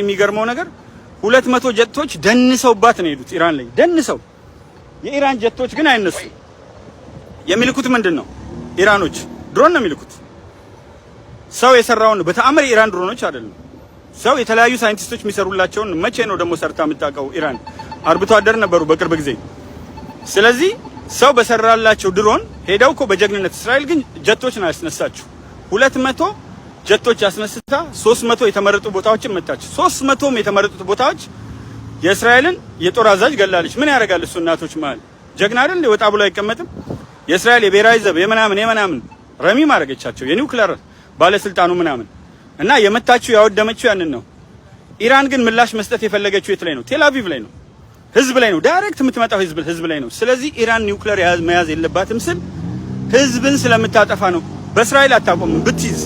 የሚገርመው ነገር ሁለት መቶ ጀቶች ደንሰውባት ነው የሄዱት ኢራን ላይ ደንሰው። የኢራን ጀቶች ግን አይነሱ። የሚልኩት ምንድን ነው? ኢራኖች ድሮን ነው የሚልኩት። ሰው የሰራውን ነው በተአምር የኢራን ድሮኖች አይደለም። ሰው የተለያዩ ሳይንቲስቶች የሚሰሩላቸውን መቼ ነው ደግሞ ሰርታ የምታውቀው ኢራን? አርብቶ አደር ነበሩ በቅርብ ጊዜ። ስለዚህ ሰው በሰራላቸው ድሮን ሄደው እኮ በጀግንነት እስራኤል ግን ጀቶች ነው ያስነሳችሁ ሁለት መቶ ጀቶች አስነስታ 300 የተመረጡ ቦታዎችን መታች። 300ም የተመረጡት ቦታዎች የእስራኤልን የጦር አዛዥ ገላለች። ምን ያደርጋል እሱ? እናቶች መሀል ጀግና አይደል? ወጣ ብሎ አይቀመጥም። የእስራኤል የብሔራዊ ዘብ የምናምን የምናምን ረሚም አደረገቻቸው። የኒውክሌር ባለስልጣኑ ምናምን እና የመታችው ያወደመችው ያንን ነው። ኢራን ግን ምላሽ መስጠት የፈለገችው የት ላይ ነው? ቴላቪቭ ላይ ነው፣ ህዝብ ላይ ነው። ዳይሬክት የምትመጣው ህዝብ ህዝብ ላይ ነው። ስለዚህ ኢራን ኒውክሌር መያዝ የለባትም ስል ህዝብን ስለምታጠፋ ነው። በእስራኤል አታቆምም ብትይዝ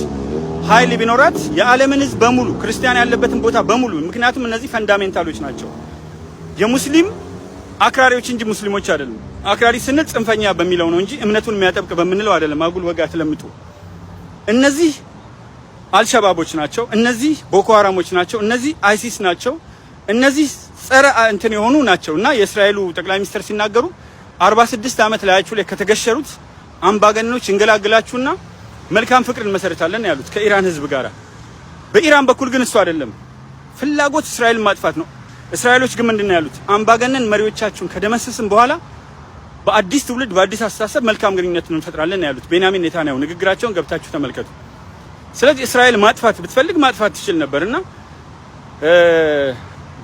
ኃይል ቢኖራት የዓለምን ህዝብ በሙሉ ክርስቲያን ያለበትን ቦታ በሙሉ ምክንያቱም እነዚህ ፈንዳሜንታሎች ናቸው። የሙስሊም አክራሪዎች እንጂ ሙስሊሞች አይደለም። አክራሪ ስንል ጽንፈኛ በሚለው ነው እንጂ እምነቱን የሚያጠብቅ በምንለው አይደለም። አጉል ወጋ ትለምጡ። እነዚህ አልሸባቦች ናቸው። እነዚህ ቦኮ ሀራሞች ናቸው። እነዚህ አይሲስ ናቸው። እነዚህ ጸረ እንትን የሆኑ ናቸው እና የእስራኤሉ ጠቅላይ ሚኒስትር ሲናገሩ 46 ዓመት ላያችሁ ላይ ከተገሸሩት አምባገነኖች እንገላግላችሁና መልካም ፍቅር እንመሰርታለን ያሉት ከኢራን ህዝብ ጋር። በኢራን በኩል ግን እሱ አይደለም ፍላጎት እስራኤልን ማጥፋት ነው። እስራኤሎች ግን ምንድን ነው ያሉት? አምባገነን መሪዎቻችሁን ከደመሰስን በኋላ በአዲስ ትውልድ በአዲስ አስተሳሰብ መልካም ግንኙነት እንፈጥራለን ያሉት ቤንያሚን ኔታንያሁ ንግግራቸውን ገብታችሁ ተመልከቱ። ስለዚህ እስራኤል ማጥፋት ብትፈልግ ማጥፋት ትችል ነበር እና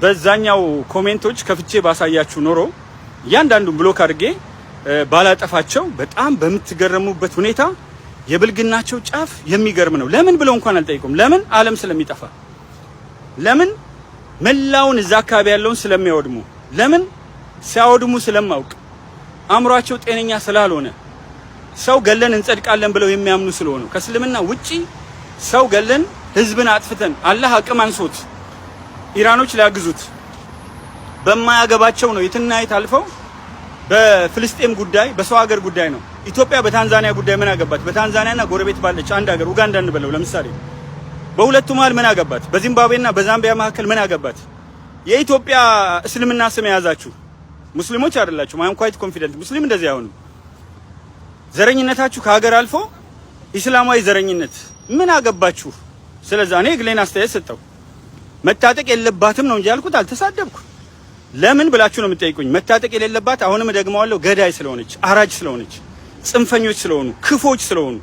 በዛኛው ኮሜንቶች ከፍቼ ባሳያችሁ ኖሮ እያንዳንዱን ብሎክ አድርጌ ባላጠፋቸው በጣም በምትገረሙበት ሁኔታ የብልግናቸው ጫፍ የሚገርም ነው። ለምን ብለው እንኳን አልጠይቁም። ለምን ዓለም ስለሚጠፋ፣ ለምን መላውን እዛ አካባቢ ያለውን ስለሚያወድሙ፣ ለምን ሲያወድሙ ስለማውቅ፣ አእምሯቸው ጤነኛ ስላልሆነ፣ ሰው ገለን እንጸድቃለን ብለው የሚያምኑ ስለሆኑ ከእስልምና ውጪ ሰው ገለን ህዝብን አጥፍተን አላህ አቅም አንሶት ኢራኖች ሊያግዙት በማያገባቸው ነው የትና የት አልፈው በፍልስጤም ጉዳይ በሰው ሀገር ጉዳይ ነው ኢትዮጵያ በታንዛኒያ ጉዳይ ምን አገባት? በታንዛኒያና ጎረቤት ባለች አንድ ሀገር ኡጋንዳ እንበለው ለምሳሌ፣ በሁለቱ መሀል ምን አገባት? በዚምባብዌና በዛምቢያ መካከል ምን አገባት? የኢትዮጵያ እስልምና ስም የያዛችሁ ሙስሊሞች አይደላችሁ። ማይም ኳይት ኮንፊደንት ሙስሊም እንደዚህ አይሆንም። ዘረኝነታችሁ ከሀገር አልፎ ኢስላማዊ ዘረኝነት ምን አገባችሁ? ስለዚህ እኔ ግሌን አስተያየት ሰጠው። መታጠቅ የለባትም ነው እንጂ ያልኩት፣ አልተሳደብኩ። ለምን ብላችሁ ነው የምትጠይቁኝ? መታጠቅ የሌለባት አሁንም ደግመዋለሁ፣ ገዳይ ስለሆነች አራጅ ስለሆነች ጽንፈኞች ስለሆኑ ክፎች ስለሆኑ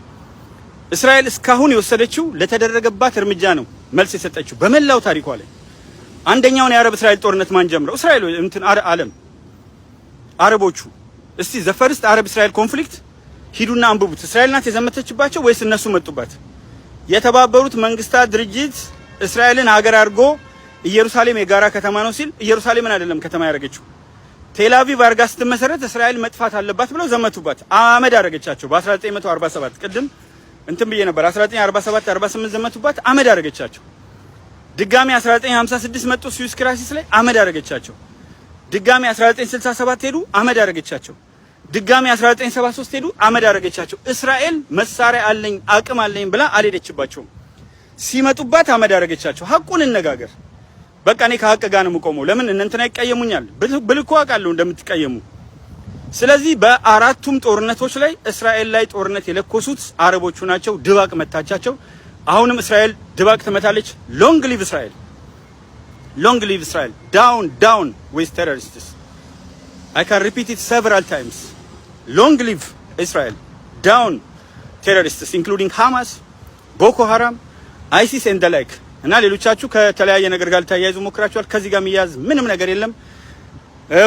እስራኤል እስካሁን የወሰደችው ለተደረገባት እርምጃ ነው መልስ የሰጠችው በመላው ታሪኳ ላይ። አንደኛውን የአረብ እስራኤል ጦርነት ማን ጀምረው? እስራኤል እንትን አለም አረቦቹ። እስቲ ዘፈርስት አረብ እስራኤል ኮንፍሊክት ሂዱና አንብቡት። እስራኤል ናት የዘመተችባቸው ወይስ እነሱ መጡባት? የተባበሩት መንግስታት ድርጅት እስራኤልን ሀገር አድርጎ ኢየሩሳሌም የጋራ ከተማ ነው ሲል ኢየሩሳሌምን አይደለም ከተማ ያደረገችው ቴላቪቭ አርጋ ስትመሰረት እስራኤል መጥፋት አለባት ብለው ዘመቱባት። አመድ አረገቻቸው። በ1947 ቅድም እንትን ብዬ ነበር 1947 48 ዘመቱባት፣ አመድ አረገቻቸው። ድጋሚ 1956 መጡ፣ ስዊስ ክራይሲስ ላይ አመድ አረገቻቸው። ድጋሚ 1967 ሄዱ፣ አመድ አረገቻቸው። ድጋሚ 1973 ሄዱ፣ አመድ አረገቻቸው። እስራኤል መሳሪያ አለኝ አቅም አለኝ ብላ አልሄደችባቸውም። ሲመጡባት አመድ አረገቻቸው። ሀቁን እንነጋገር። በቃ እኔ ከሀቅ ጋር ነው የምቆመው። ለምን እንትና ይቀየሙኛል ብልኩ አውቃለሁ እንደምትቀየሙ። ስለዚህ በአራቱም ጦርነቶች ላይ እስራኤል ላይ ጦርነት የለኮሱት አረቦቹ ናቸው። ድባቅ መታቻቸው። አሁንም እስራኤል ድባቅ ትመታለች። ሎንግ ሊቭ እስራኤል፣ ሎንግ ሊቭ እስራኤል። ዳውን ዳውን ዊዝ ቴሮሪስትስ አይ ካን ሪፒት ኢት ሰቨራል ታይምስ ሎንግ ሊቭ እስራኤል ዳውን ቴሮሪስትስ ኢንክሉዲንግ ሃማስ ቦኮ ሃራም አይሲስ ኤንድ ላይክ እና ሌሎቻችሁ ከተለያየ ነገር ጋር ልታያይዙ ሞክራችኋል። ከዚህ ጋር የሚያያዝ ምንም ነገር የለም።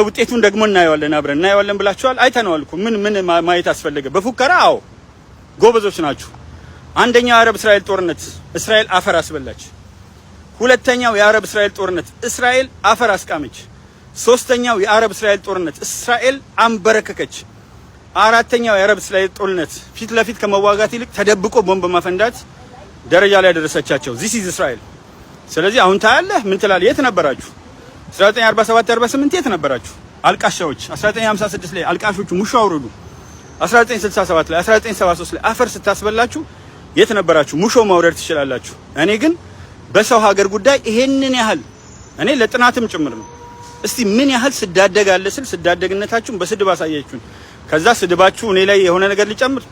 ውጤቱን ደግሞ እናየዋለን፣ አብረን እናየዋለን ብላችኋል። አይተነዋል እኮ ምን ምን ማየት አስፈለገ? በፉከራ አዎ፣ ጎበዞች ናችሁ። አንደኛው የአረብ እስራኤል ጦርነት እስራኤል አፈር አስበላች። ሁለተኛው የአረብ እስራኤል ጦርነት እስራኤል አፈር አስቃመች። ሶስተኛው የአረብ እስራኤል ጦርነት እስራኤል አንበረከከች። አራተኛው የአረብ እስራኤል ጦርነት ፊት ለፊት ከመዋጋት ይልቅ ተደብቆ ቦምብ ማፈንዳት ደረጃ ላይ ያደረሰቻቸው ዚስ ኢዝ እስራኤል። ስለዚህ አሁን ታያለህ ምን ትላለህ? የት ነበራችሁ 1947 48 የት ነበራችሁ አልቃሻዎች? 1956 ላይ አልቃሾቹ ሙሾ አውርዱ። 1967 ላይ 1973 ላይ አፈር ስታስበላችሁ የት ነበራችሁ? ሙሾ ማውረድ ትችላላችሁ። እኔ ግን በሰው ሀገር ጉዳይ ይሄንን ያህል እኔ ለጥናትም ጭምር ነው። እስቲ ምን ያህል ስዳደግ አለ ስል ስዳደግነታችሁን በስድብ አሳያችሁን። ከዛ ስድባችሁ እኔ ላይ የሆነ ነገር ሊጨምር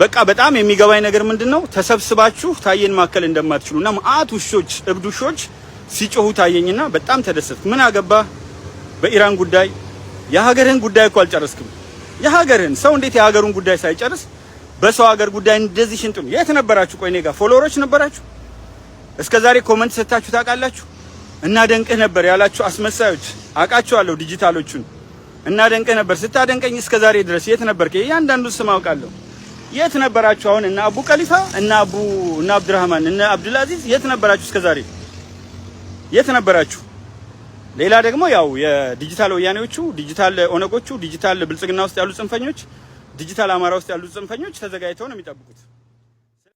በቃ በጣም የሚገባኝ ነገር ምንድነው ተሰብስባችሁ ታየን ማከል እንደማትችሉና ማአት ውሾች እብድ ውሾች ሲጮሁ ታየኝና በጣም ተደሰትኩ። ምን አገባ በኢራን ጉዳይ የሀገርህን ጉዳይ እኮ አልጨረስክም። የሀገርህን ሰው እንዴት የሀገሩን ጉዳይ ሳይጨርስ በሰው ሀገር ጉዳይ እንደዚህ ሽንጡ የት ነበራችሁ? ቆይ እኔ ፎሎወሮች ነበራችሁ? እስከ ዛሬ ኮመንት ሰጥታችሁ ታውቃላችሁ? እና ደንቅህ ነበር ያላችሁ አስመሳዮች አውቃችኋለሁ፣ ዲጂታሎቹን እና ደንቅህ ነበር ስታደንቀኝ እስከ ዛሬ ድረስ የት ነበርክ እያንዳንዱን ስም አውቃለሁ። የት ነበራችሁ? አሁን እነ አቡ ቀሊፋ እነ አቡ እነ አብዱራህማን እነ አብዱልአዚዝ የት ነበራችሁ? እስከዛሬ የት ነበራችሁ? ሌላ ደግሞ ያው የዲጂታል ወያኔዎቹ፣ ዲጂታል ኦነጎቹ፣ ዲጂታል ብልጽግና ውስጥ ያሉ ጽንፈኞች፣ ዲጂታል አማራ ውስጥ ያሉ ጽንፈኞች ተዘጋጅተው ነው የሚጠብቁት።